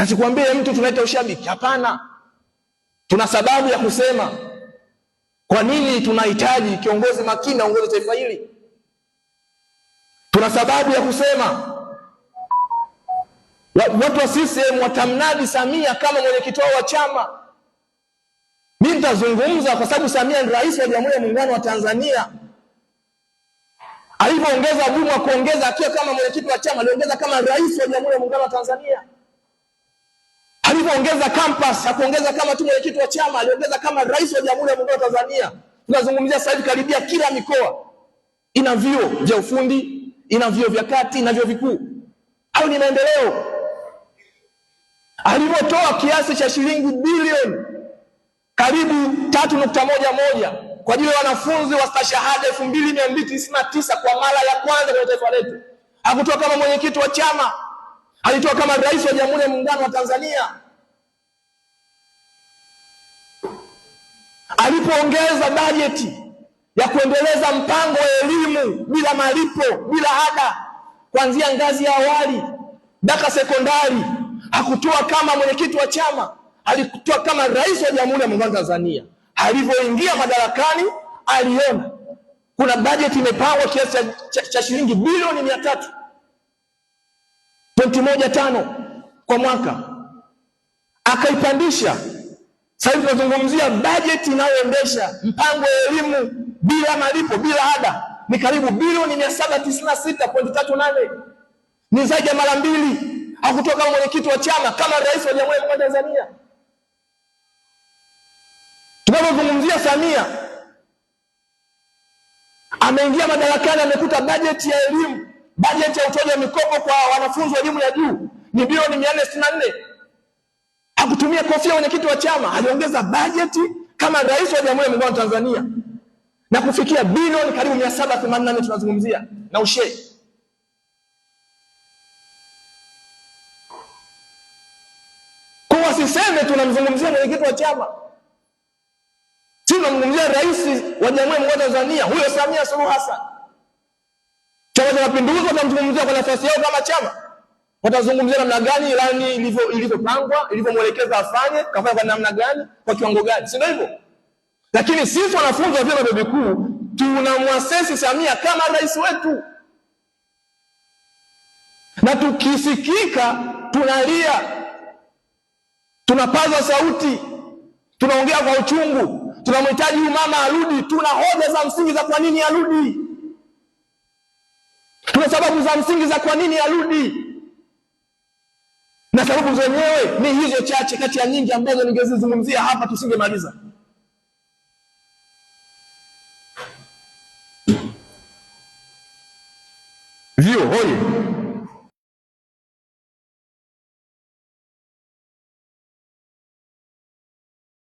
Nasikwambie mtu tunaita ushabiki, hapana. Tuna sababu ya kusema kwa nini tunahitaji kiongozi makini aongoze taifa hili. Tuna sababu ya kusema watu wa CCM watamnadi Samia kama mwenyekiti wao wa chama. Mimi nitazungumza kwa sababu Samia ni rais wa Jamhuri ya Muungano wa Tanzania. Alivyoongeza bumu kuongeza akiwa kama mwenyekiti wa chama, aliongeza kama rais wa Jamhuri ya Muungano wa Tanzania hakuongeza campus, hakuongeza kama tu mwenyekiti wa chama, aliongeza kama rais wa Jamhuri ya Muungano wa Tanzania. Tunazungumzia sasa hivi karibia kila mikoa ina vyuo vya ufundi, ina vyuo vya kati na vyuo vikuu. Au ni maendeleo? Alivyotoa kiasi cha shilingi bilioni karibu tatu nukta moja moja kwa ajili ya wanafunzi wa stashahada elfu mbili mia mbili tisini na tisa kwa mara ya kwanza kwenye taifa letu. Hakutoa kama mwenyekiti wa chama, alitoa kama rais wa Jamhuri ya Muungano wa Tanzania. alipoongeza bajeti ya kuendeleza mpango wa elimu bila malipo bila ada kuanzia ngazi ya awali mpaka sekondari, hakutoa kama mwenyekiti wa chama, alikutoa kama rais wa Jamhuri ya Muungano wa Tanzania. Alivyoingia madarakani, aliona kuna bajeti imepangwa kiasi cha, cha, cha shilingi bilioni mia tatu moja tano kwa mwaka, akaipandisha sasa hivi tunazungumzia bajeti inayoendesha mpango wa elimu bila malipo, bila ada, ni karibu bilioni mia saba tisini na sita pointi tatu nane ni zaidi ya mara mbili akutoka mwenyekiti wa chama, kama rais wa Jamhuri ya Muungano wa Tanzania. Tunapozungumzia Samia ameingia madarakani, amekuta bajeti ya elimu, bajeti ya utoaji wa mikopo kwa wanafunzi wa elimu ya juu ni bilioni mia nne sitini na nne hakutumia kofia mwenyekiti wa chama, aliongeza bajeti kama rais wa Jamhuri ya Muungano wa Tanzania na kufikia bilioni karibu 784 tunazungumzia na ushei. Kwa wasiseme tunamzungumzia mwenyekiti wa chama, si tunamzungumzia rais wa Jamhuri ya Muungano wa Tanzania, huyo Samia Suluhu Hassan. Chama cha Mapinduzi tunamzungumzia kwa nafasi yao kama chama watazungumzia namna gani ilani ilivyopangwa, ilivyomwelekeza afanye, kafanya kwa namna gani, kwa kiwango gani, si ndio hivyo? Lakini sisi wanafunzi wa vyuo vya vikuu tunamwasesi Samia kama rais wetu, na tukisikika tunalia, tunapaza sauti, tunaongea kwa uchungu, tunamhitaji huyu mama arudi. Tuna hoja za msingi za kwa nini arudi, tuna sababu za msingi za kwa nini arudi na sababu zenyewe ni hizo chache kati ya nyingi ambazo ningezizungumzia hapa tusingemaliza. Vyuo hoye